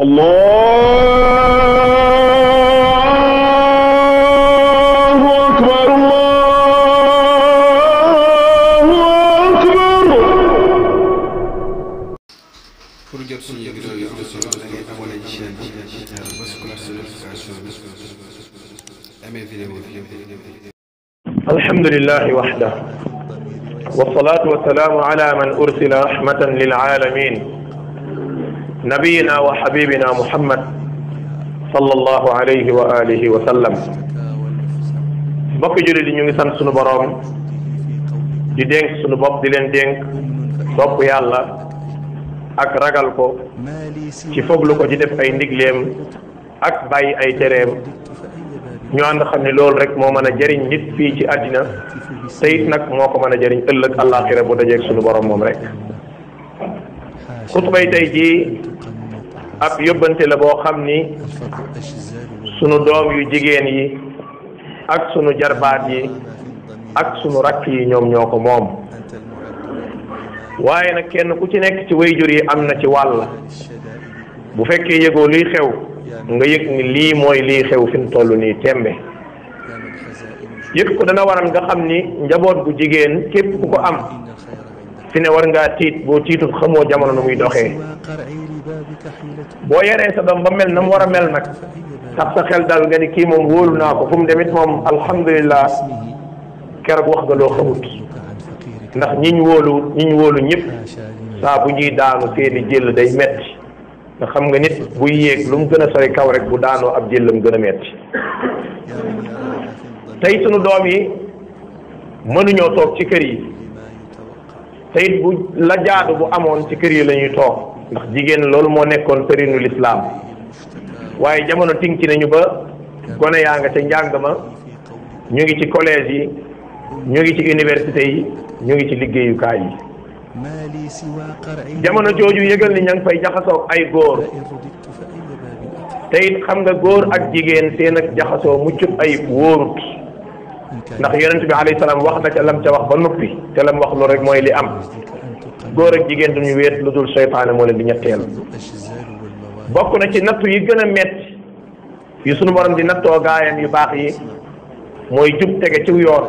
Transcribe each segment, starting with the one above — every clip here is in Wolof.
الله أكبر الله أكبر الحمد لله وحده والصلاة والسلام على من أرسل رحمة للعالمين نبينا وحبيبنا محمد صلى الله عليه وآله وسلم بكي جولي نيغي سان سونو بروم دي دينك سونو بوب دي لين دينك بوب يالا اك راغال كو سي فوغ لوكو دي ديف اي نيغليم اك باي اي تريم ñu and xamni lool rek moo mën a jëriñ nit fii ci àddina te it nag moo ko mën a jëriñ ëllëg àllaaxira bu suñu borom moom rek xutbay tey jii ab yóbbante la boo xam ni sunu doom yu jigéen yi ak sunu jarbaat yi ak sunu rakk yi ñoom ñoo ko moom waaye nag kenn ku ci nekk ci wayjur yi am na ci wàll bu fekkee yëgoo liy xew nga yëg ni lii mooy liy xew fi mu toll nii tembe yëg ko dana waral nga xam ni njaboot gu jigéen képp ku ko am fi ne war ngaa tiit boo tiitul xamoo jamono nu muy doxee boo yaree sa doom ba mel na mu war a mel nag tax sa xel dal nga ni kii moom wóolu naa ko fu mu demit moom alhamdulillah keroog wax nga loo xamut ndax ñiñ wóolu ñiñ wóolu ñëpp saa bu ñuy daanu seeni jël day metti nga xam nga nit buy yéeg lu mu gën a sori kaw rek bu daanoo ab jëllam gën a metti tey sunu doom yi mënuñoo toog ci kër yi te bu la jaadu bu amoon ci kër yi lañuy toog ndax jigéen loolu moo nekkoon sëriñu lislaam waaye jamono tinki nañu ba gone yaa nga ca njàng ma ñu ngi ci collège yi ñu ngi ci université yi ñu ngi ci liggéeyukaay yi jamono jooju yëgal ni ña ngi fay jaxasoo ay góor te xam nga góor ak jigéen seen ak jaxasoo muccut ay wóorut ndax yonent bi alayhi salaam wax na ca lam ca wax ba noppi te lam wax lu rek mooy li am góor ak jigéen duñu wéet lu dul seytaane moo leen di ñetteel bokk na ci nattu yi gën a metti yu sunu borom di nattoo gaayam yu baax yi mooy jub tege ci yoon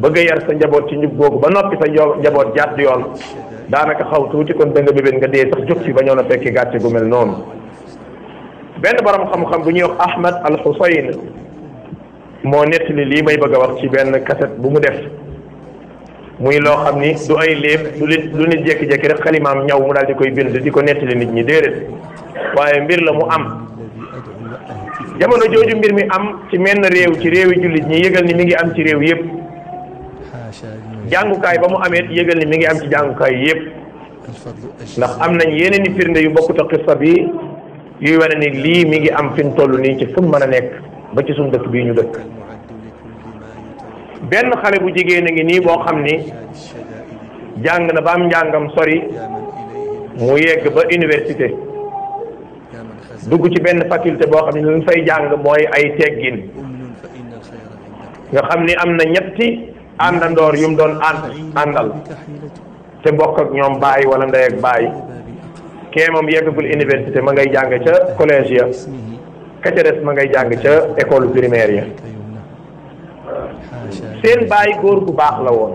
bëgg a yar sa njaboot ci njub googu ba noppi sa njaboot jàdd yoon daanaka xaw tuuti kon da nga bébét nga dee sax jóg ci ba ñoo na fekki gàcce gu mel noonu benn borom xam-xam bu ñuy wax ahmad al husayn moo nettali lii may bëgg a wax ci benn kaset bu mu def muy loo xam ni du ay léeb du nit du nit jékki-jékki rek xalimaam ñaw mu daal di koy bind di ko nettali nit ñi déedéet waaye mbir la mu am jamono jooju mbir mi am ci menn réew ci réewi jullit ñi yëgal ni mi ngi am ci réew yëpp jàngukaay ba mu amee yëgal ni mi ngi am ci jàngukaay yëpp ndax am nañ yeneen i firnde yu bokkut ak xissa bi yu wane ni lii mi ngi am fi mu toll nii ci fu mën a nekk ba ci sun dëkk bii ñu dëkk benn xale bu jigéen a ngi nii boo xam ni jàng na ba am njàngam sori mu yegg ba université dugg ci benn faculté boo xam ni lu fay jàng mooy ay teggin nga xam ni am na ñetti àndandoor yum doon ànd àndal te bokk ak ñoom bàyyi wala ndey ak bàyyi kee yeggagul université ma ngay jàng ca collège ya ka ma ngay jàng ca école primaire ya seen bàyyi góor gu baax la woon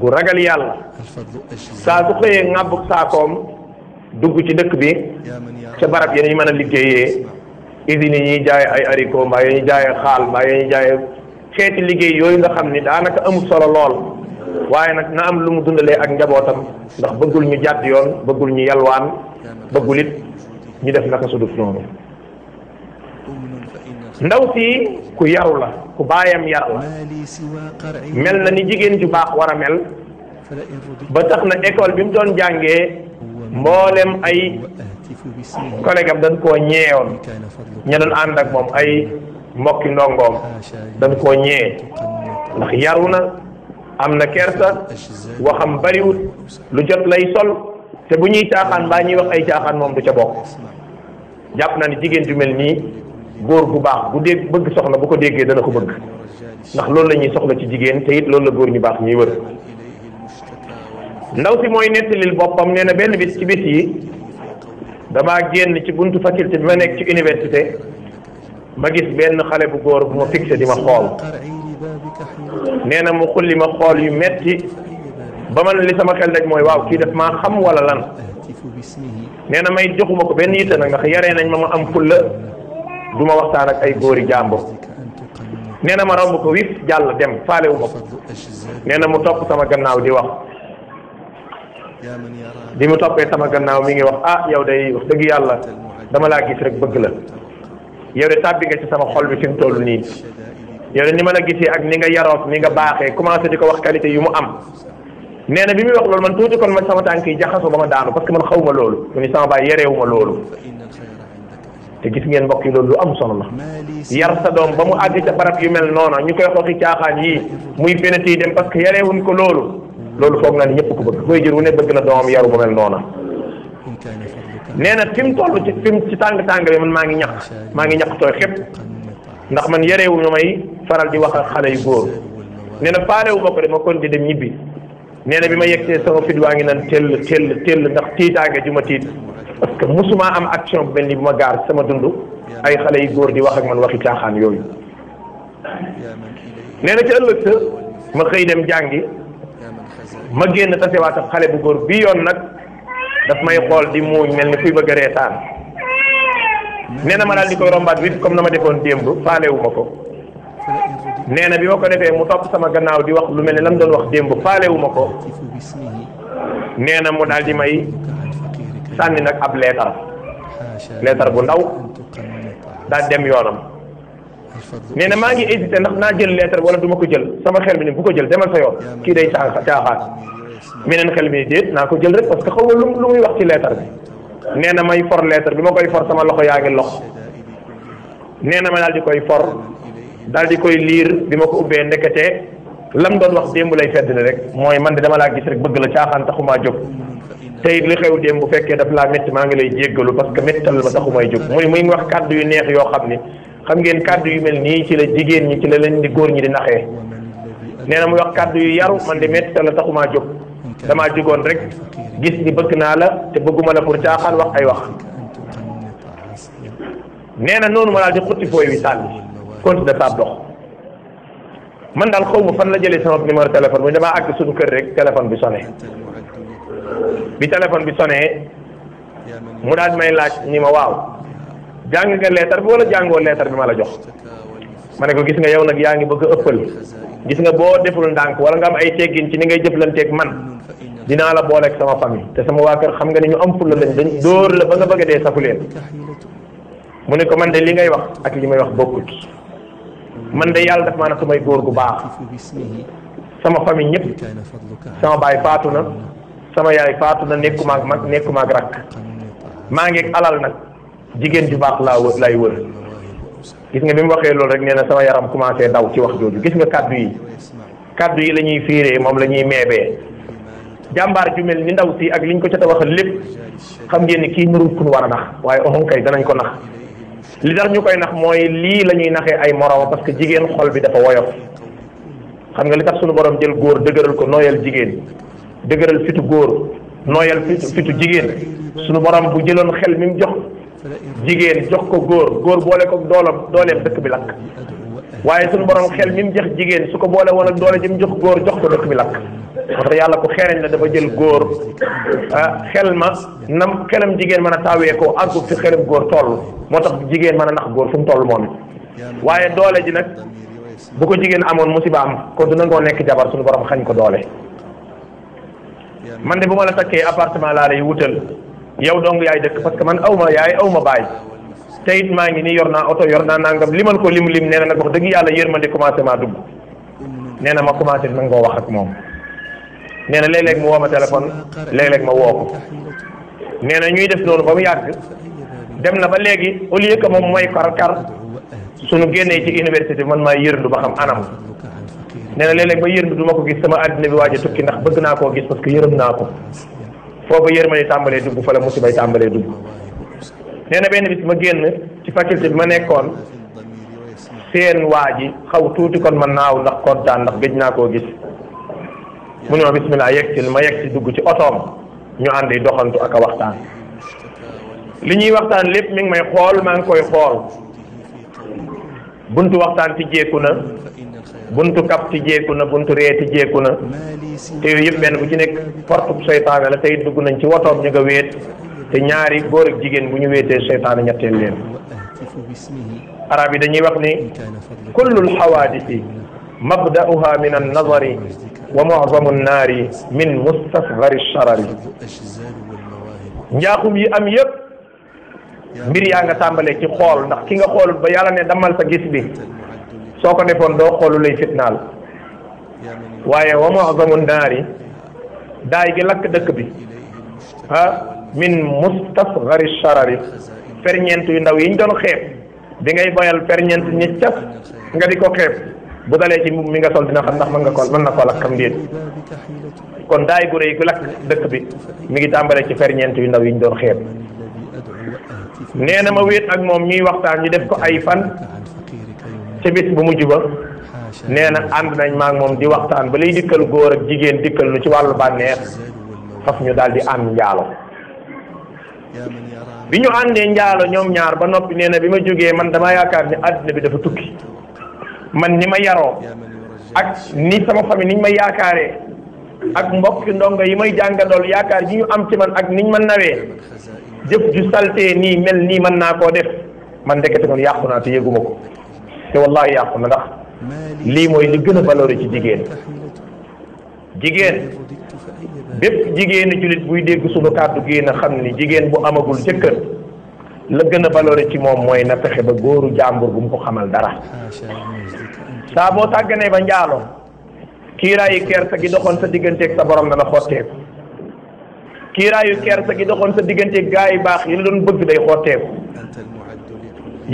gu ragal yàlla saa su xëyee ŋàbbu saakoom dugg ci dëkk bi ca barab yi ñu mën a liggéeyee usine yi ñuy jaay ay haricot mbaa yi ñuy jaayee xaal mbaa yi ñuy jaayee xeeti liggéey yooyu nga xam ni daanaka amul solo lool waaye nag na am lu mu dundalee ak njabootam ndax bëggul ñu jàdd yoon bëggul ñu yalwaan bëggul it ñu def naka sudut noonu ndaw si ku yaru la ku baayam yar la mel na ni jigéen ju baax war a mel ba tax na école bi mu doon jàngee mboolem ay collègue am dañ koo ñeewoon ña doon ànd ak moom ay mbokki ndongoom dañ koo ñee ndax yaru na am na kersa waxam bariwut lu jot lay sol te bu ñuy caaxaan mbaa ñuy wax ay caaxaan moom du ca bokk jàpp na ni jigéen ju mel nii góor gu baax bu dégg bëgg soxna bu ko déggee dana ko bëgg ndax loolu la soxla ci jigéen te it loolu la góor ñu baax ñuy wër ndaw si mooy nettalil boppam nee na benn bis ci bis yi damaa génn ci buntu faculté bi ma nekk ci université ma gis benn xale bu góor bu ma fixé di ma xool nee na mu xulli ma xool yu metti ba man li sama xel daj mooy waaw kii daf maa xam wala lan nee na may joxuma ko benn yitte nag ndax yaree nañ ma ma am fulla du ma waxtaan ak ay góori jàmbur nee na ma romb ko wip jàll dem faale wu ma ko nee na mu topp sama gannaaw di wax bi mu toppee sama gannaaw mi ngi wax ah yow de dëgg yàlla dama laa gis rek bëgg la yow de tàbbi nga si sama xol bi fi mu toll nii yow de ni ma a gisee ak ni nga yaroot ni nga baaxee commencé di ko wax qualité yu mu am nee na bi muy wax loolu man tuuti kon ma sama tànk yi jaxasoo ba ma daanu parce que man xaw ma loolu mu ni sama baay yereewu ma loolu te gis ngeen mbokk yi loolu lu am solo la yar sa doom ba mu àgg ca barab yu mel noona ñu koy xooki caaxaan yii muy fénati dem parce que yarewuñ ko loolu loolu foog naa ni ñëpp ko bëgg koy jër wu ne bëgg na doomam yaru ba mel noona nee na fi mu toll ci ci tàng tàng bi man maa ngi ñaq maa ngi ñaq tooy xépp ndax man yarewuñu may faral di wax xale yu góor nee na faalewu ma ko de ma kon di dem ñibbi nee na bi ma yegsee sama fit waa ngi naan tell tell tell ndax tiitaange ju ma tiit parce que musuma am action bu mel ni bu ma gaar sama dund ay xale yu góor di wax ak man waxi caaxaan yooyu nee na ca ëllëg sa ma xëy dem jàngi ma génn tasewaat ak xale bu góor bi yoon nag daf may xool di muuñ mel ni kuy bëgg a reetaan nee na ma daal di koy rombaat wit comme na ma defoon démb faalewu ma ko nee na bi ma ko defee mu topp sama gannaaw di wax lu mel ni lam doon wax démb faalewu ma ko nee na mu daal di may sànni nag ab leetar leetar bu ndaw daa dem yoonam nee na maa ngi hésité ndax naa jël leetar wala duma ko jël sama xel mi ne bu ko jël demal sa yoon kii day caaxa caaxaan meneen xel mi ne déet naa ko jël rek parce que xaw lu muy wax ci leetar bi nee na may for leetar bi ma koy for sama loxo yaa ngi lox nee na ma daal di koy for daal di koy liir bi ma ko ubbee ndekete lam doon wax démb lay feddali rek mooy man de dama laa gis rek bëgg la caaxaan taxumaa jóg te it li xew démb bu fekkee daf laa métti maa ngi lay jéggalu parce que méttal ma taxumay jóg muy muy wax kàddu yu neex yoo xam ni xam ngeen kàddu yu mel nii ci la jigéen ñi ci la leen di góor ñi di naxee nee na muy wax kàddu yu yaru man de méttal la taxumaa jóg damaa jógoon rek gis ni bëgg naa la te bëgguma la pour caaxaan wax ay wax nee na noonu ma laa di xutti fooy wi sànni continue sa man daal xaw ma fan la jëlee sama numéro téléphone bi damaa àgg suñu kër rek téléphone bi sonné bi téléphone bi sonné mu daal may laaj ni ma waaw jàng nga leetar bi wala jàngoo leetar bi ma la jox ma ne ko gis nga yow nag yaa ngi bëgg a ëppal gis nga boo deful ndànk wala nga am ay teggin ci ni ngay lanteek man dinaa la booleeg sama famille te sama waa kër xam nga ni ñu am fulla lañ dañ dóor la ba nga bëgg dee safu leen mu ne ko man de li ngay wax ak li may wax bokkut. man de yàlla daf maa ne may góor gu baax sama famille ñëpp sama baay faatu na sama yaay faatu na nekku ak mag nekkuma ak rakk maa ngi alal nag jigéen ju baax laa wë laay wër gis nga bi mu waxee loolu rek nee na sama yaram commencé daw ci wax jooju gis nga kàddu yi kàddu yi la ñuy fiiree moom la ñuy meebee jàmbaar ju mel ni ndaw si ak liñ ko ca tabaxal lépp xam ngeen kii nurul kun war a nax waaye oxon kay danañ ko nax li tax ñu koy nax mooy lii la ñuy naxee ay moroom parce que jigéen xol bi dafa woyof xam nga li tax suñu borom jël góor dëgëral ko nooyal jigéen dëgëral fitu góor nooyal fitu fitu jigéen suñu borom bu jëloon xel mi mu jox jigéen jox ko góor góor boole ko doolam dooleem dëkk bi lakk waaye suñu borom xel mi mu jox jigéen su ko boole woon ak doole ji mu góor jox ko dëkk bi lakk moo tax yàlla ko xereñ la dafa jël góor ah, xel ma nam xelam jigéen mën a taawee ko àggul fi xelam góor toll moo tax jigéen mën a nax góor fu mu toll moom waaye doole ji nag bu ko jigéen amoon musiba am kon du nangoo nekk jabar suñu borom xañ ko doole man de bu ma la takkee appartement laa lay wutal yow dong yaay dëkk parce que man aw ma yaay aw ma baay te maa ngi nii yor naa oto yor naa nangam limal ko lim lim nee na nag wax dëgg yàlla yërmande commencé maa dugg nee na ma commencé nangoo wax ak moom nee na léeg-léeg mu woo ma téléphone léeg-léeg ma woo nee na ñuy def loolu ba mu yàgg dem na ba léegi au lieu que moom mooy kar-kar sunu génnee ci université man maa yërndu ba xam anam nee na léeg ba yër du ma ko gis sama àddina bi waaj a tukki ndax bëgg naa koo gis parce que yërëm naa ko foofu yërmande tàmbalee dugg fa la musibay tàmbalee dugg nee na benn bis ma génn ci faculté bi ma nekkoon seen waa ji xaw tuuti kon ma naaw ndax kontaan ndax gëj naa koo gis mu ne ma bismillah yegg ci ma yegg ci dugg ci otoom ñu àndi doxantu ak a waxtaan li ñuy waxtaan lépp mi ngi may xool maa ngi koy xool buntu waxtaan ci na buntu kap ci na buntu ree ci jéeku na te yooyu yëpp benn bu ci nekk porte bu seytaane la tey dugg nañ ci wotoom ñu nga wéet te ñaari góor ak jigéen bu ñu wéetee seytaane ñetteel leen arab yi dañuy wax ni kullul xawaadisi مبدأها من النظر ومعظم النار من مستصغر الشرر njaaxum yi am yépp mbir yaa nga tàmbalee ci xool ndax ki nga xool ba yàlla ne damal sa gis bi soo ko defoon doo xoolu lay fitnaal waaye wa muazamu naari daay gi lakk dëkk bi ah min mustasgari charari ferñeent yu ndaw yiñ doon xeeb bi ngay boyal ferñeent ñi cas nga di ko bu dalé ci mi nga sol dina xam ndax man nga ko man na ko lakk am kon day gu rëy gu lak dëkk bi mi ngi tambalé ci ferñent yu ndaw yi ñu doon xeet na ma wéet ak mom mi waxtaan ñu def ko ay fan ci bis bu ba néna na nañ ma ak mom di waxtaan ba lay dikkal goor ak jigéen dikkal lu ci walu banex fa ñu di ànd njaalo bi ñu àndee njaalo ñaar ba nopi néna bima bi man dama yaakaar ni bi dafa tukki man ni ma yaroo ak ni sama famille niñ ma yaakaare ak mbokk ndongo yi may jàngaloolu yaakaar ji ñu am ci man ak niñ ma nawee jëf ju salte nii mel nii mën naa koo def man ndekete kon yàqu naa te yëguma ko te wallahi yàqu na ndax lii mooy li gën a valori ci jigéen jigéen bépp jigéenu jullit buy dégg sunu kàddu gi na xam ni jigéen bu amagul jëkkër la gën a valori ci moom mooy na pexe ba góoru jàmbur bu mu ko xamal dara saa boo tàgganee ba njaaloo kiiraayu kersa gi doxoon sa digganteeg sa borom dana xotteeku kiiraayu kersa gi doxoon sa digganteeg gaa yu baax yi la doon bëgg day xotteeku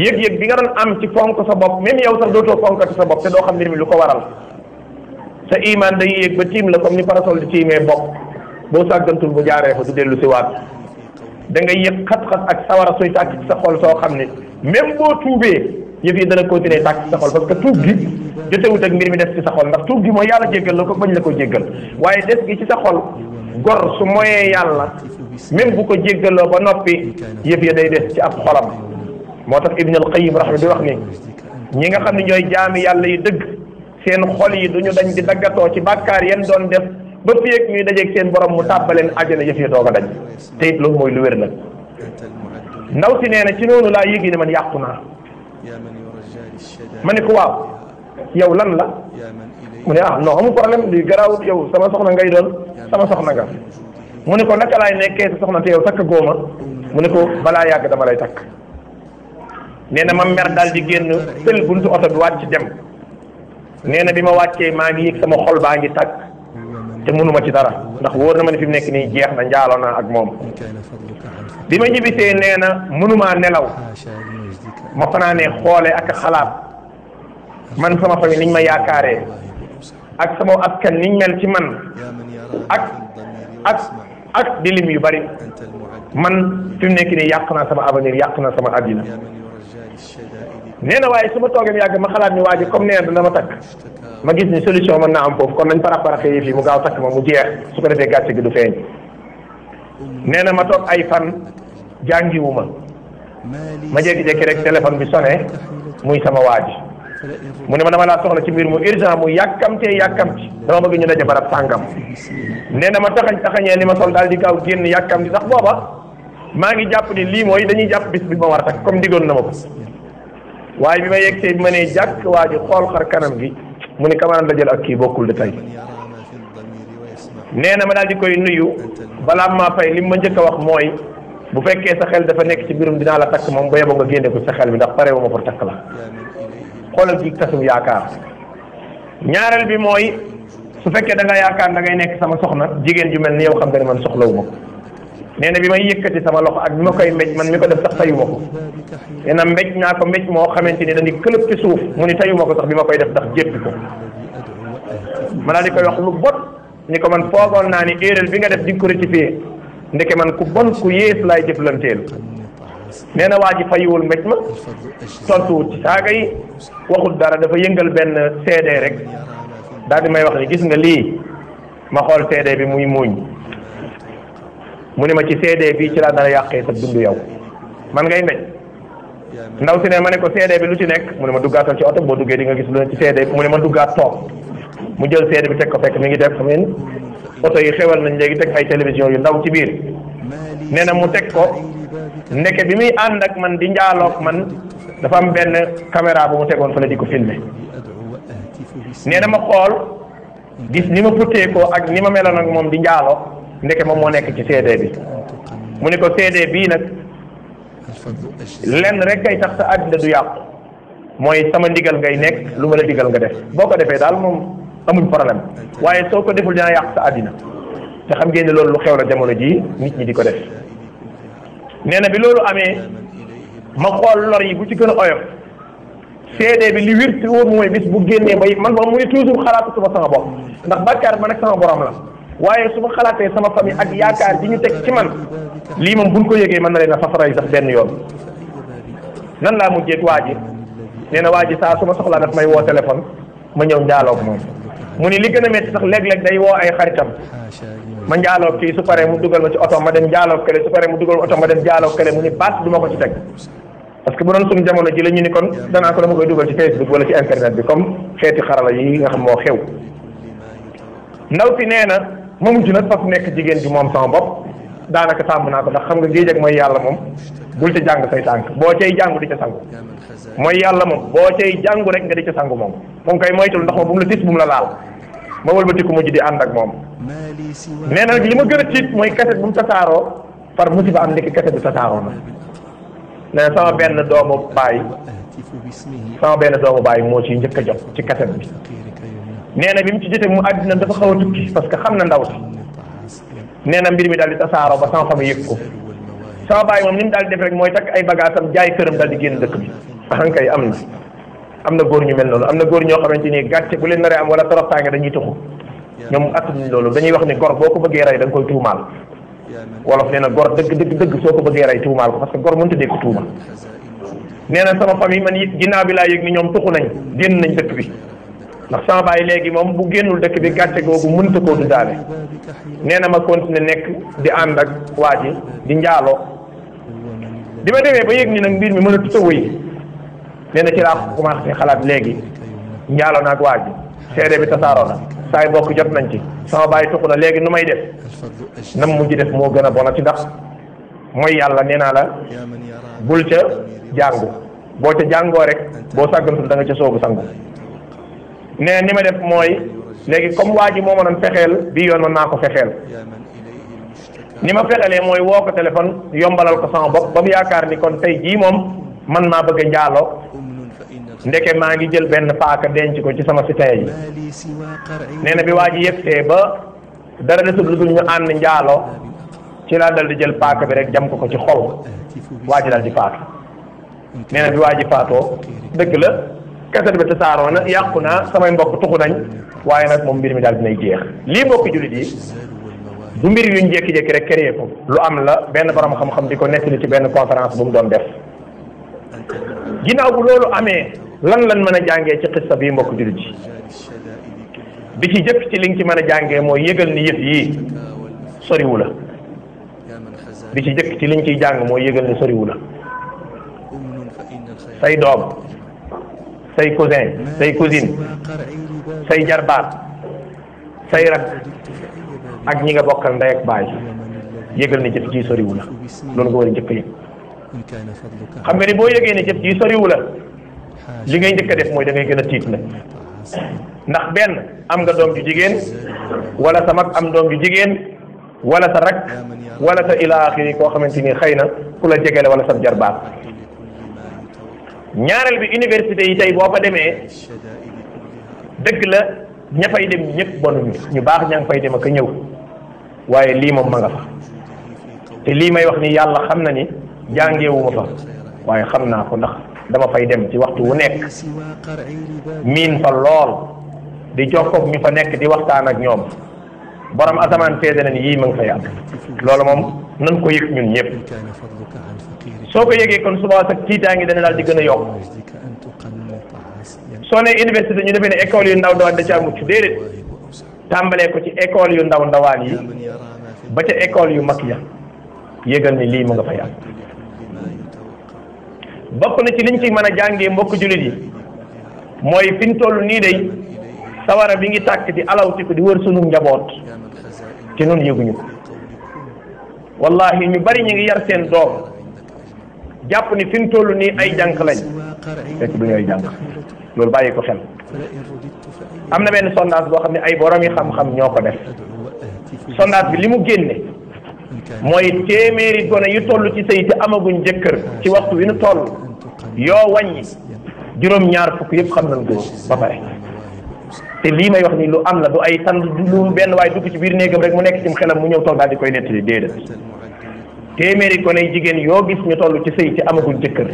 yëg-yëg bi nga doon am ci fonk sa bopp même yow sax dootoo fonkati sa bopp te doo xam ne mi lu ko waral sa iman day yéeg ba tiim la comme ni parasol di tiimee bopp boo sàggantul bu jaaree fa du dellu si waat da nga yëg xat-xat ak sawara suy tàkk ci sa xool soo xam ne même boo tuubee yëf yi dana continuer tàkk ci sa xol parce que tuub gi jotewut ak mbir mi des ci sa xol ndax tuub gi mooy yàlla jéggal la ko bañ la ko jéggal waaye des gi ci sa xol gor su moyee yàlla même bu ko jéggaloo ba noppi yëpp ya day des ci ab xolam moo tax Ibn al-Qayyim rahma di wax ni ñi nga xam ne ñooy jaami yàlla yu dëgg seen xol yi duñu dañ di daggatoo ci bàkkaar yan doon def ba fii ak ñuy borom mu tàbbaleen àjjana yëf ya doog a dañ te it loolu mooy lu wér nag ndaw si nee na ci noonu laa yéegi na man yàqu naa ma ne ko waaw yow lan la mu ne ah non amul problème di garaawut yow sama soxna ngay doon sama soxna nga mu ne ko naka laay nekkee sa soxna te yow takk góoma mu ne ko balaa yàgg dama lay takk nee na ma mer daal di génn sël buntu oto bi wàcc dem nee na bi ma wàccee maa ngi yëg sama xol baa ngi tàkk te mënuma ci dara ndax wóor na ma ne fi mu nekk nii jeex na njaaloo naa ak moom bi ma ñibbisee nee na mënumaa nelaw ma fanaanee xoole ak xalaat man sama famille niñ ma yaakaaree ak sama askan niñ mel ci man ak ak ak di lim yu bari man fi mu nekk nii yàq naa sama avenir yàq naa sama addina nee na waaye su ma toogee yàgg ma xalaat ni waa ji comme nee na dina ma takk ma gis ni solution mën naa am foofu kon nañ parax paraxee yëf yi mu gaaw takk ma mu jeex su ko defee gàcce gi du feeñ nee na ma toog ay fan jàngiwu ma ma jékki-jékki rek téléphone bi sonné muy sama waaj mu ne ma dama laa soxla ci mbir mu urgent mu yàkkamtee yàkkamti dama bëgg ñu daje barab sàngam nee na ma taxañ taxañee li ma sol daal di gaaw génn yàkkamti sax booba maa ngi jàpp ni lii mooy dañuy jàpp bis bi ma war a takk comme digoon na ma waaye bi ma yegsee bi ma nee jàkk waa ji xool xar kanam gi mu ne kamaan dajal ak kii bokkul de tey nee na ma daal di koy nuyu balaa ma fay li ma njëkk a wax mooy bu fekkee sa xel dafa nekk ci mbirum dinaa la takk moom ba yeboo nga génne ko sa xel bi ndax pare pour takk la xoolal ci tasum yaakaar ñaareel bi mooy su fekkee da nga yaakaar da ngay nekk sama soxna jigéen ju mel ni yow xam nga ne man soxlawu ma ko nee bi may yëkkati sama loxo ak bi ma koy mbéj man mi ko def sax tayu ma ko nee na mbéj naa ko mbéj moo xamante ni dañuy këlëb ci suuf mu ni tayu ma ko sax bi ma koy def ndax jéppi ko ma daal di koy wax lu bot ni ko man naa ni bi nga def di ko rectifier ndeke man ku bon ku yées laay jëflanteel nee na waa ji fayiwul mbéj ma tontuwut ci saaga yi waxut dara dafa yëngal benn CD rek daal di may wax ni gis nga lii ma xool CD bi muy muuñ mu ne ma ci CD bi ci laa nar a yàqee sa dund yow man ngay mbéj ndaw si ne ma ne ko CD bi lu ci nekk mu ne ma duggaatal ci oto boo duggee di nga gis lu ne ci CD bi mu ne ma duggaat toog mu jël CD bi teg ko fekk mi ngi def xam ngeen oto yi xewal nañ léegi teg ay télévision yu ndaw ci biir nee na mu teg ko ndeke bi muy ànd ak man di njaaloog man dafa am benn caméra bu mu tegoon fa la di ko filmer nee na ma xool gis ni ma futteekoo ak ni ma meloon ak moom di njaaloo ndeke moom moo nekk ci CD bi mu ne ko CD bii nag lenn rek kay tax sa àddina du yàqu mooy sama ndigal ngay nekk lu ma la digal nga def boo ko defee daal moom amuñ problème waaye soo ko deful dina yàq sa àddina te xam ngeen ne loolu lu xew la jamono jii nit ñi di ko def nee na bi loolu amee ma xool lor yi bu ci gën a oyof seede bi li wir ci wóor mooy bis bu génnee bay man ba muy toujours xalaatatuma sama bopp ndax bàkkaar man ak sama borom la waaye su ma xalaatee sama famille ak yaakaar bi ñu teg ci man lii moom buñ ko yëgee mën na leen a yi sax benn yoon nan laa mujjee waa ji nee waa ji saa su ma soxlaa daf may woo téléphone ma ñëw njaaloo moom mu ni li gën a métti sax léeg-léeg day woo ay xaritam ma njaaloo kii su paree mu dugal ma ci oto ma dem njaaloo kële su paree mu dugal oto ma dem njaaloo kële mu ni baat du ma ko ci teg parce que bu doon suñu jamono ji la ñu ni kon danaa ko dama koy dugal ci Facebook wala ci internet bi comme xeeti xarala yi nga xam moo xew ndaw si nee na ma mujj nag faf nekk jigéen bi moom sama bopp daanaka tàmm naa ko ndax xam nga géej ak mooy yàlla moom bul ci jàng say tànk boo cay jàngu di ca sangu mooy yàlla moom boo cay jàngu rek nga di ca sangu moom moom koy moytul ndax moom bu mu la tis bu mu la laal ma wëlbatiku mujj di ànd ak moom nee na nag li ma gën a tiit mooy kaset bu mu tasaaroo par musiba am ndekki kaset bi tasaaroo na nee na sama benn doomu baay sama benn doomu baay moo ci njëkk a jot ci kaset bi nee na bi mu ci jotee mu àddina dafa xaw tukki parce que xam na ndaw si nee na mbir mi daal di tasaaroo ba sama famille yëg ko sama baay moom ni mu daal di def rek mooy takk ay bagaasam jaay këram daal di génn dëkk bi ankay ah, am na am na góor ñu mel noonu am na góor ñoo xamante ni gàcce bu leen naree am wala toroxtaange dañuy tuxu ñoom attanuñ loolu dañuy wax ni gor boo ko bëggee rey da nga koy tuumaal wolof nee na gor dëgg dëgg dëgg soo ko bëggee rey tuumaal ko parce que gor mënut a dégg tuuma nee na sama famille man it ginnaaw bi laa yëg ñoom tuxu nañ génn nañ dëkk bi ndax sama baay léegi moom bu génnul dëkk bi gàcce googu mënta koo du daale nee na ma continuer nekk di ànd ak waa ji di njaaloo di ma demee ba yëg ni nag mbir mi mën a tuta wëy nee na ci laa ko commencé xalaat léegi njaaloo na ak waa ji seede bi tasaaroo na saa yi bokk jot nañ ci sama baay tuxu na léegi nu may def nam mujj def moo gën a bona ci ndax mooy yàlla nee naa la bul ca jàngu boo ca jàngoo rek boo sàggantul da ca soogu sangu nee ni ma def mooy léegi comme waa ji moo ma doon fexeel bii yoon ma naa ko fexeel ni ma fexelee mooy woo ko téléphone yombalal ko sama bopp ba mu yaakaar ni kon tey jii moom man maa bëgg njaalo njaaloo ndeke maa ngi jël benn paaka denc ko ci sama sitaya yi nee na bi waa ji yëgsee ba dara desul lu dul ñu ànd njaaloo ci laa dal di jël paaka bi rek jam ko ko ci xol waa ji dal di faatu nee na bi waa faatoo dëgg la kaset bi tasaaroo na yàqu naa samay mbokk tuxu nañ waaye nag moom mbir mi daal dinay jeex lii mbokk jullit yi du mbir yuñ jékki-jékki rek créé ko lu am la benn borom xam-xam di ko nettali ci benn conférence bu mu doon def ginnaaw bu loolu amee lan lan mën a jàngee ci xissa bii mbokk jullit yi bi ci jëkk ci li nga ci mën a jàngee mooy yëgal ni yëf yi soriwu la bi ci jëkk ci liñ ciy jàng mooy yëgal ni soriwu la say doom say cousin say cousine say jarbaat say rak ak ñi nga bokkal ndey ak baay yëgal ne jëf ji soriwu nga war a njëkk xam nga ni boo yëgee ne jëf ji soriwu li ngay njëkk def mooy da ngay gën a tiit nag ndax benn am nga doom ju jigéen wala sa mag am doom ju jigéen wala sa rak wala sa ilaaxiri koo xamante ni xëy na ku la jegele wala sa jarbaat ñaareel bi université yi tey boo fa demee dëgg la ña fay dem ñépp bonuñu ñu baax ña ngi fay dem ak a ñëw waaye lii moom ma nga fa te lii may wax ni yàlla xam na ni jàngeewuma fa waaye xam naa ko ndax dama fay dem ci waxtu wu nekk miin fa lool di jokkoog ñu fa nekk di waxtaan ak ñoom borom asamaan seede nañ yii ma ngi fa yàgg loolu moom nan ko yëg ñun ñëpp soo ko yëgee kon suba sax tiitaangi dana daal di gën a yokk soo ne université ñu defee ne école yu ndaw ndawaan da caa mucc déedéet tàmbalee ko ci école yu ndaw ndawaan yi ba ca école yu mag ya yëgal ni lii ma nga fa yàgg bokk na ci liñ ci mën a jàngee mbokk jullit yi mooy fi nii day sawara bi ngi tàkk di alawti ko di wër sunu njaboot ci noonu yëguñu ko wallahi ñu bari ñu ngi yar seen doom jàpp ni fi mu toll nii ay jànk lañ fekk du ñooy jànk loolu bàyyi ko xel am na benn sondage boo xam ne ay borom yi xam-xam ñoo ko def sondage bi li mu génne mooy téeméeri gone yu toll ci sëy te amaguñ jëkkër ci waxtu wi nu toll yoo wàññi juróom ñaar fukk yëpp xam nañ ko ba pare te lii may wax nii lu am la du ay tan lu benn waaye dugg ci biir néegam rek mu nekk ci xelam mu ñëw toog daal di koy nettali déedéet téeméeri ko nay jigéen yoo gis ñu toll ci sëy ci amagul jëkkër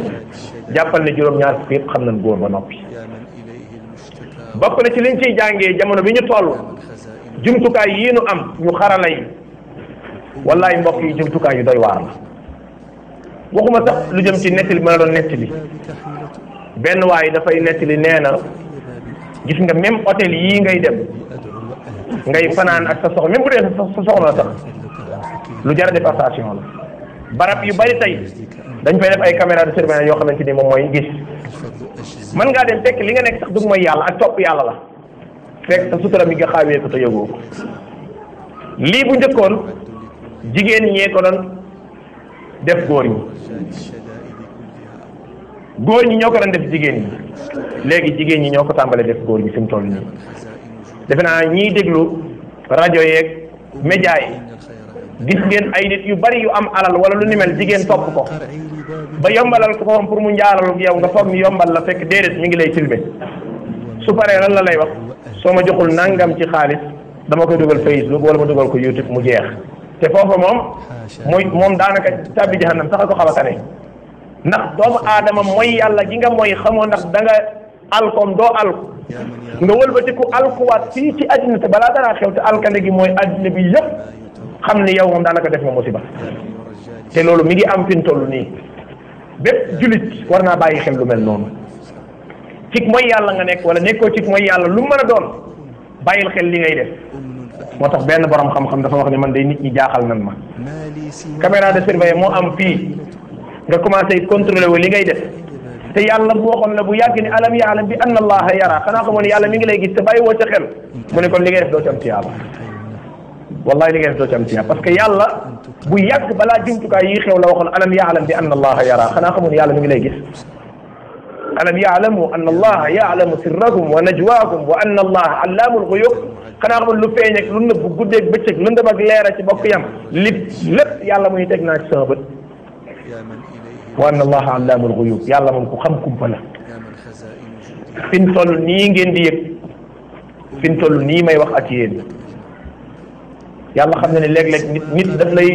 jàppal ne juróom-ñaar fukk xam nañ góor ba noppi bokk na ci liñ ciy jàngee jamono bi ñu toll jumtukaay yii nu am yu xarala yi wallaay mbokk yi jumtukaay yu doy waar la waxuma sax lu jëm ci nettali bi ma la doon nettali benn waaye dafay nettali nee na gis nga même hôtel yii ngay dem ngay fanaan ak sa soxla même bu dee sa soxla sax lu jar a def la barab yu bari tey dañ fay def ay caméra de yoo xamante ni moom mooy gis mën ngaa dem fekk li nga nekk sax dug mooy yàlla ak topp yàlla la fekk te sutura mi nga xaawee ko te yëgoo lii bu njëkkoon jigéen ñee ko doon def góor ñi góor ñi ñoo ko doon def jigéen ñi léegi jigéen ñi ñoo ko tàmbalee def góor ñi fi mu toll nii defe naa ñiy déglu rajo yeeg média yi gis ngeen ay nit yu bari yu am alal wala lu ni mel jigéen topp ko ba yombalal ko moom pour mu njaalal yow nga foog ni yombal la fekk déedéet ñu ngi lay filmer su paree lan la lay wax soo ma joxul nangam ci xaalis dama koy dugal Facebook wala ma dugal ko YouTube mu jeex te foofa moom mooy moom daanaka tàbbi jahannam sax a ko xaw a tane ndax doomu aadama mooy yàlla gi nga mooy xamoo ndax da nga alkom doo alku nga wëlbatiku alkuwaat fii ci àddina te balaa dara xew te alkande gi mooy àddina bi yépp xam ne yow moom daanaka def nga musiba te loolu mi ngi am fi toll nii bépp julit war naa bàyyi xel lu mel noonu cig mooy yàlla nga nekk wala nekkoo cig mooy yàlla lu mën a doon bàyyil xel li ngay def moo tax benn borom xam-xam dafa wax ni man day nit ñi jaaxal nan ma caméra de surveillance moo am fii nga commencé contrôler wu li ngay def te yàlla bu waxoon la bu yàgg ni alam ya alam bi anna allah yara xanaa xamoon yàlla mi ngi lay gis te bàyyi woo ca xel mu ne kon li ngay def doo ci am tiyaaba wallahi li ngay def doo ci am tiyaaba parce que yàlla bu yàgg balaa jumtukaay yi xew la waxoon alam ya alam bi anna allah yara xanaa xamoon yàlla mi ngi lay gis alam ya yaalamu anna ya yaalamu sirrakum wa najwaakum wa anna allah allaamul xuyub xanaa xamoon lu feeñ ak lu nëbb guddeeg bëccëg lëndëm ak leera ci bokk yam lépp lépp yàlla muy teg naa ci sama bët وان الله علام الغيوب يلا من كخم كم فلا فين تول ني نين دي فين تول ني ماي واخ اك يين يلا خم ني ليك ليك نيت داف لاي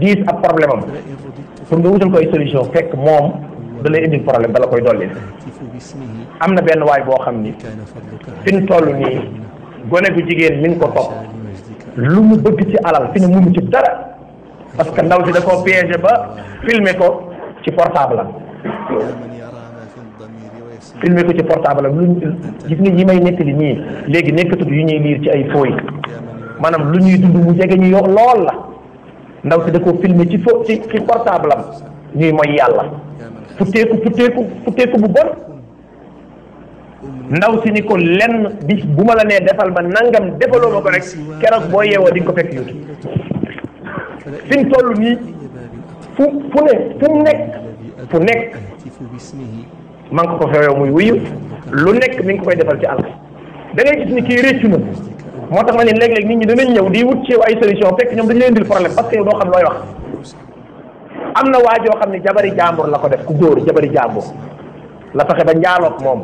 ديس اب بروبليمم فم دو وتال كاي سوليوشن فك موم دا لاي اندي بروبليم بالا كاي دولي امنا بن واي بو خم ني فين تول ني غوني جيجين مين كو توب لومو بيك علال فين مومو سي دارا parce que ndaw si da koo piégé ba filmer ko ci portable am ko ci portable am luñ gis nga yi may nettali nii léegi nekkatut yu ñuy liir ci ay fooy maanaam lu ñuy dund mu jege ñu yo lool la ndaw si da ko filmer ci fo ci ci portable am ñuy mooy yàlla futteeku futteeku futteeku bu bon ndaw si ni ko lenn bis bu ma la nee defal ma nangam defaloo ma ko rek keroog boo yeewoo di ko fekk YouTube fi mu toll nii fu fu ne fu mu nekk fu nekk maa ngi ko xewee muy wuyu lu nekk mi ngi ko koy defal ci àll da ngay gis ni kii réccu na moo tax ma ne léeg-léeg nit ñi danañ ñëw di wut ci yow ay solution fekk ñoom dañ leen indil problème parce que yow doo xam looy wax am na waa joo xam ne jabari jàmbur la ko def ku góor jabari jàmbur la fexe ba njaaloog moom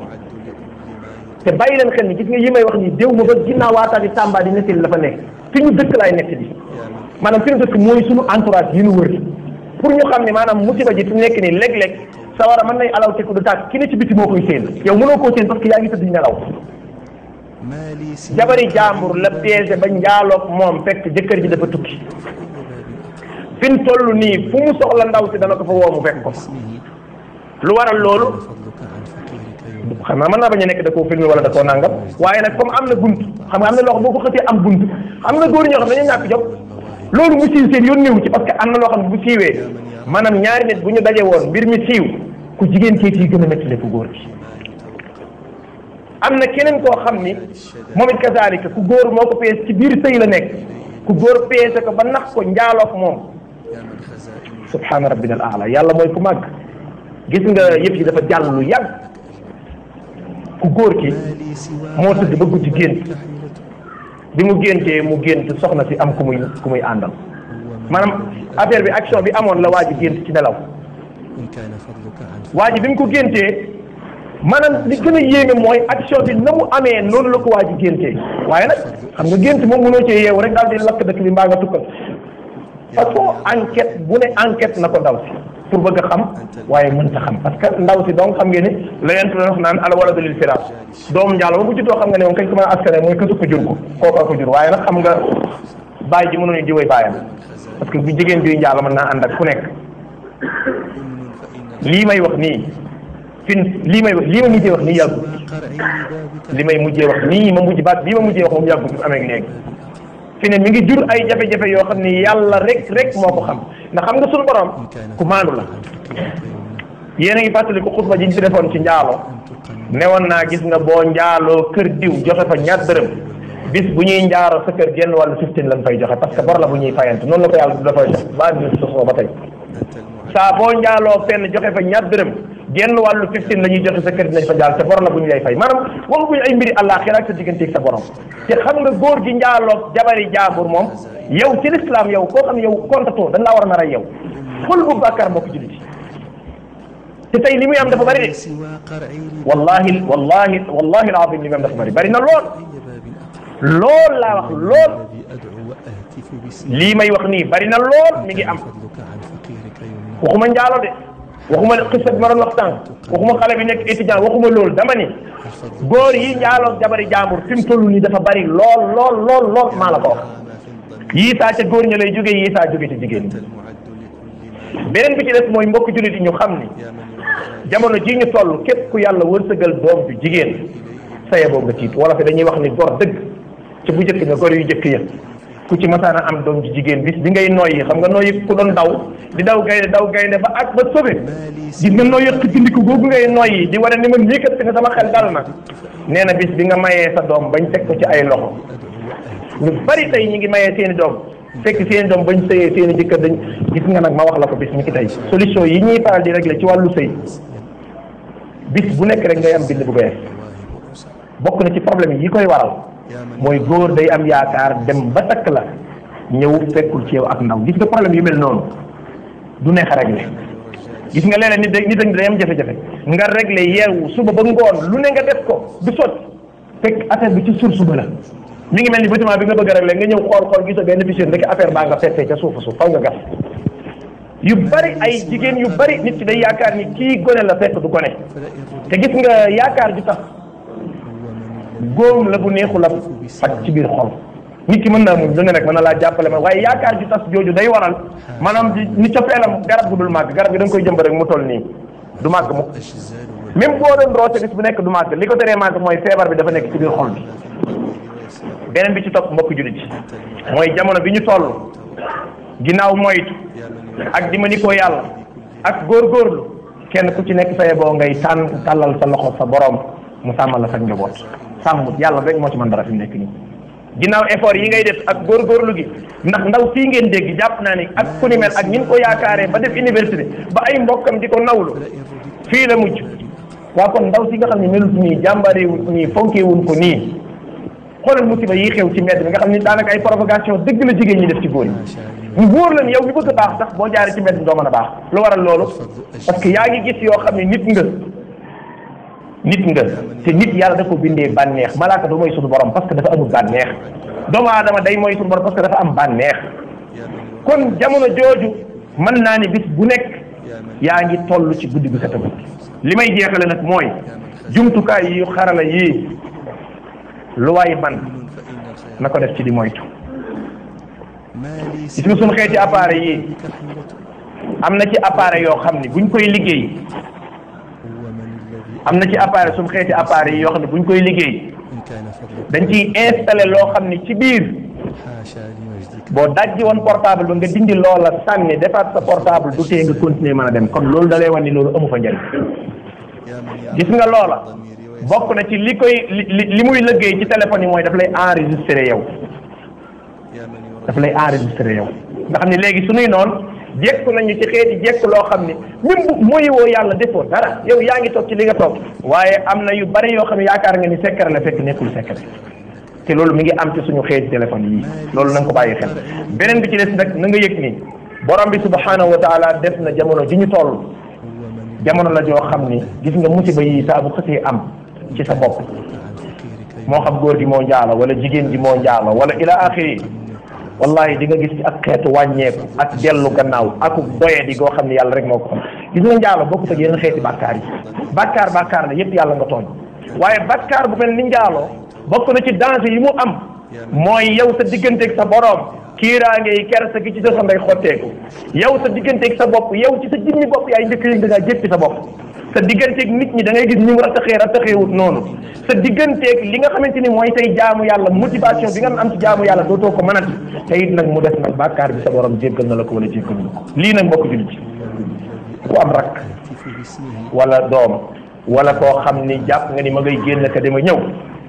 te bàyyi leen xel ni gis nga yi may wax nii déw ma ba ginnaaw waataati tàmbaa di nettil la fa ne fi ñu dëkk laay nett bi maanaam suñu dëkk mooy suñu entourage yi ñu wër pour ñu xam ne maanaam musiba ji fi mu nekk nii léeg-léeg a man na alaw tekk du tàkk ki ne ci biti moo koy séen yow mënoo koo séen parce que yaa ngi tëdd nelaw jabari jàmbur la piégé ba njaaloog moom fekk jëkkër ji dafa tukki fi mu nii fu mu soxla ndaw si dana ko fa woo mu fekk ko lu waral loolu xam naa mën naa bañ a nekk da koo filmé wala da koo nangam waaye nag comme am na bunt xam nga am na loxo boo ko am bunt am na góor ñoo xam ne loolu mu siiw seen yoon ci parce que am na loo xam ne bu siiwee maanaam ñaari nit bu ñu daje woon bir mi siiw ku jigéen ki ci gën a métti ku góor ci am na keneen koo xam ni moom it kazaalika ku góor moo ko pees ci biir sëy la nekk ku góor peese ko ba nax ko njaaloog moom subhaana rabbina al aala yàlla mooy ku màgg gis nga yëf yi dafa jàll lu yàgg ku góor ki moo tëdd ba guddi génn bi mu géntee mu gént soxna si am ku muy ku muy àndal maanaam affaire bi action bi amoon la waa ji gént ci nelaw waa ji bi mu ko géntee maanaam li kën a yéeme mooy action bi na mu amee noonu la ko waa ji géntee waaye nag xam nga gént moom mënoo cee yeewu rek daal di lakk dëkk bi mbaa nga tukkal façon enquête bu ne enquête na ko daw pour bëgg a xam waaye mënta xam parce que ndaw si doom xam ngeen ni la yent doon wax naan ala wala dalil firaas doom njaalo ba bu juddoo xam nga ne moom kañ ko mën a askane mooy kësu ko jur ko kooka ko jur waaye nag xam nga bàyyi ji mënuñu jiwee bàyyam parce que bu jigéen juy njaalo mën naa ànd ak ku nekk lii may wax nii fin lii may wax lii ma mujjee wax nii yàggut li may mujjee wax nii ma mujj baat bii ma mujjee wax moom yàggut amee léegi fi ne mi ngi jur ay jafe-jafe yoo xam ne yàlla rek rek moo ko xam ndax xam nga suñu borom ku maandu la yéen a ngi fàttali ko xutba ji ñu defoon ci njaalo newoon naa gis nga boo njaaloo kër diw joxe fa ñaar dërëm bis bu ñuy njaaro sa kër genn wàllu fifteen lañ fay joxe parce que bor la bu ñuy fayante noonu la ko yàlla dafay jox ba bis sosoo ba tey saa boo njaaloo fenn joxe fa ñaar dërëm genn walu 15 lañuy joxe sa kër dinañ fa jaar te borom la bu lay fay maanaam waxaguñ ay mbiri àllaaxira ak sa digganteeg sa borom ci xam nga góor gi ndialo jabari jaambur mom yow ci l'islam yow ko xam yow kontatoo dañ la war na ray yow xul bu bakkar moo ko jullit te tey li am dafa bari de wallahi wallahi wallahi alazim li am dafa bari bari na lool lool la wax lool li may wax ni bari na lool mi ngi am waxuma ndialo de waxuma xisat ma doon wax tànk waxuma xale bi nekk étudiant waxuma loolu dama ni góor yi njaaloog jabari jaambur fi mu toll nii dafa bari lool lool lool lool maa la ko wax yii saa ca góor ña lay jóge yii saa jóge ci jigéen beneen bi ci des mooy mbokk jullit yi ñu xam ni jamono ji ñu toll képp ku yàlla wërsëgal doom ju jigéen saye boo nga tiit wala fi dañuy wax ni gor dëgg ci bu jëkk nga gor yu jëkk ya ku ci masaana am doom ci jigéen bis di ngay noyyi xam nga noyyi ku doon daw di daw gaynde daw gaynde ba ak ba sobe gis nga noyyi xijjandiku googu ngay noyyi di wane ni man yëkkat ci sama xel dal na nee bis bi nga mayee sa doom bañ teg ko ci ay loxo ñu bari tay ñi ngi mayee seeni doom fekk seen doom bañ sëyee seeni jëkkër dañ gis nga nag ma wax la ko bis ni ki tay solution yi ñuy faral di régler ci wàllu sëy bis bu nekk rek ngay am bind bu bees bokk na ci problème yi koy waral mooy góor day am yaakaar dem ba takk la ñëw fekkul ci yow ak ndaw gis nga problème yu mel noonu du neex a réglé gis nga léeg-léeg nit day nit dañ day am jafe-jafe nga réglé yeewu suba ba ngoon lu ne nga def ko du sot fekk affaire bi ci source ba la mi ngi mel ni bâtiment bi nga bëgg a réglé nga ñëw xool xool gisoo benn fissure ndekk affaire baa nga feesee ca suufu suuf faw nga gas yu bari ay jigéen yu bari nit ki day yaakaar ni kii gone la fekk du gone te góom la bu neexul ab faj ci biir xol nit ki mën naa muñ lu ne nag mën na laa jàppale ma waaye yaakaar ju tas jooju day waral maanaam di ni cofeelam garab gu dul màgg garab gi da koy jëmb rek mu toll nii du màgg mu même boo doon roose bis bu nekk du màgg li ko teree màgg mooy feebar bi dafa nekk ci biir xol bi beneen bi ci topp mbokk jullit ci mooy jamono bi ñu toll ginnaaw moytu ak di ma ni ko yàlla ak góor góor góorgóorlu kenn ku ci nekk saye ngay tànn tàllal sa loxo sa borom mu sàmmal la sa njaboot sàmm yàlla rek moo ci mën dara fi mu nekk nii ginnaaw effort yi ngay def ak góor góorgóorlu gi ndax ndaw sii ngeen dégg jàpp naa ni ak ku ni mel ak ñi ko yaakaaree ba def université ba ay mbokkam di ko nawlu fii la mujj waa kon ndaw si nga xam ne melut nii jàmbareewul nii fonkeewul ko nii xoolal musiba yi xew ci mbedd bi nga xam ne daanaka ay provocation dëgg la jigéen ñi def ci góor yi ñu wóor leen yow ñu bëgg a baax sax boo jaaree ci mbedd bi doo mën a baax lu waral loolu yaa ngi gis yoo xam ne nit nga nit nga te nit yàlla da ko bindee bànneex malaaka du mooy suñu borom parce que dafa amul bànneex doomu aadama day mooy suñu borom parce que dafa am bànneex kon jamono jooju mën naa ne bis bu nekk yaa ngi toll ci guddi gu setama li may jeexale nag mooy jumtukaay yu xarala yii lu waay man na ko def ci di moytu gis nga suñu xeeti appareil yi am na ci appareil yoo xam ne buñ koy liggéey am na ci appareil suñu xeeti appareil yi yoo xam ne bu ñu koy liggéey dañ ciy installé loo xam ne ci biir boo dajji woon portable ba nga dindi loola sànni defaat sa portable du tee nga continuer man a dem kon loolu dalay lay wan ni loolu amu fa njëriñ gis nga loola bokk na ci li koy li li muy liggéey ci téléphone yi mooy daf lay enregistré yow daf lay enregistré yow nga xam ne léegi suñuy noonu jekku nañu ci xeeti jekk loo xam ni même bu woo yàlla defoo dara yow yaa ngi toog ci li nga toog waaye am na yu bari yoo xam ne yaakaar nga ni secret la fekk nekkul secret te loolu mi ngi am ci suñu xeeti téléphone yi loolu na ko bàyyi xel beneen bi ci des nag na nga yëg ni borom bi subhanahu wa taala def na jamono ji ñu toll jamono la joo xam ni gis nga musiba yii saa ko xësee am ci sa bopp moo xam góor gi moo njaalo wala jigéen gi moo njaalo wala wallahi di nga gis ci ak xeetu wàññeeku ak dellu gannaaw aku doye di goo xam ne yàlla rek moo ko xam gis nga bokk bokkut ak yeneen xeeti bàkkaar yi bàkkaar bàkkaar la yépp yàlla nga tooñ waaye bàkkaar bu mel ni njaaloo bokk na ci danger yi mu am mooy yow sa digganteeg sa borom kiiraange yi kersa gi ci sa sa ndey xotteeku yow sa digganteeg sa bopp yow ci sa jimmi bopp yaay njëkk yëg da ngaa jéppi sa bopp sa digganteeg nit ñi da ngay gis ni mu rattaxee rattaxeewut noonu sa digganteeg li nga xamante ni mooy tey jaamu yàlla motivation bi nga am ci jaamu yàlla dootoo ko mënati te it nag mu des nag bàkkaar bi sa borom jéggal na la ko wala jéggal na ko lii nag mbokk jullit ku am rakk wala doom wala koo xam ni jàpp nga ni ma ngay génn ka dama ñëw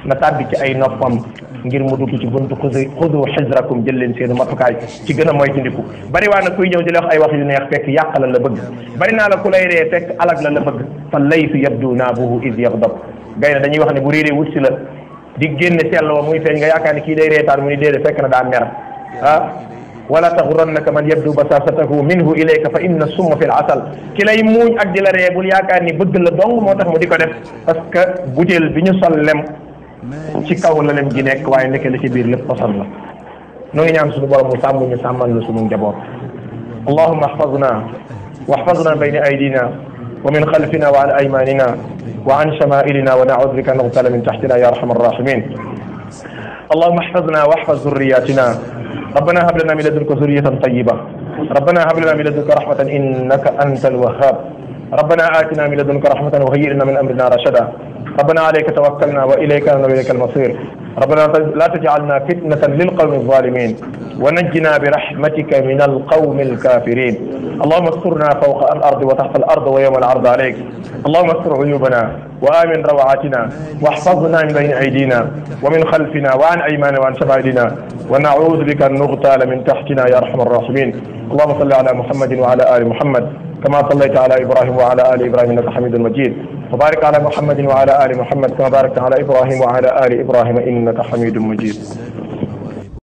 na tàbbi ci ay noppam ngir mu dugg ci buntu xusu xusu xisrakum jël leen seen ci gën a moytandiku bari waa na kuy ñëw di wax ay wax yu neex fekk yàq la bëgg bari naa la ku lay ree alag la bëgg fa laysu yabdu naabuhu is yagdab gay na wax ne bu réeree wut si la di génne sell wa muy feeñ nga yaakaar ne day reetaan mu ni na daa mer ah wala taxurannaka man yabdu basasatahu minhu ilayka fa inna summa fi l ki lay muuñ ak la ree bul ni bëgg la dong moo tax mu di a def parce que butéel ci kaw la lem gi nekk waaye nekk la ci biir lépp posan la noo ngi ñaan suñu borom mu sàmm ñu sàmmal la suñu njaboot allahuma ahfazna واحفظنا بين أيدينا ومن خلفنا وعن أيماننا وعن شمائلنا ونعوذ بك أن نغتال من تحتنا يا أرحم الراحمين اللهم احفظنا واحفظ ذرياتنا ربنا هب لنا من لدنك ذرية طيبة ربنا هب لنا من لدنك رحمة إنك أنت الوهاب ربنا آتنا من لدنك رحمة وهيئ لنا من أمرنا رشدا ربنا عليك توكلنا وإليك نبيك المصير ربنا لا تجعلنا فتنة للقوم الظالمين ونجنا برحمتك من القوم الكافرين اللهم استرنا فوق الأرض وتحت الأرض ويوم العرض عليك اللهم استر عيوبنا وآمن روعاتنا واحفظنا من بين أيدينا ومن خلفنا وعن أيماننا وعن شمائلنا ونعوذ بك أن نغتال من تحتنا يا أرحم الراحمين اللهم صل على محمد وعلى آل محمد كما صليت على إبراهيم وعلى آل إبراهيم إنك حميد مجيد وبارك على محمد وعلى آل محمد كما باركت على إبراهيم وعلى آل إبراهيم إنك innaka xamidun majid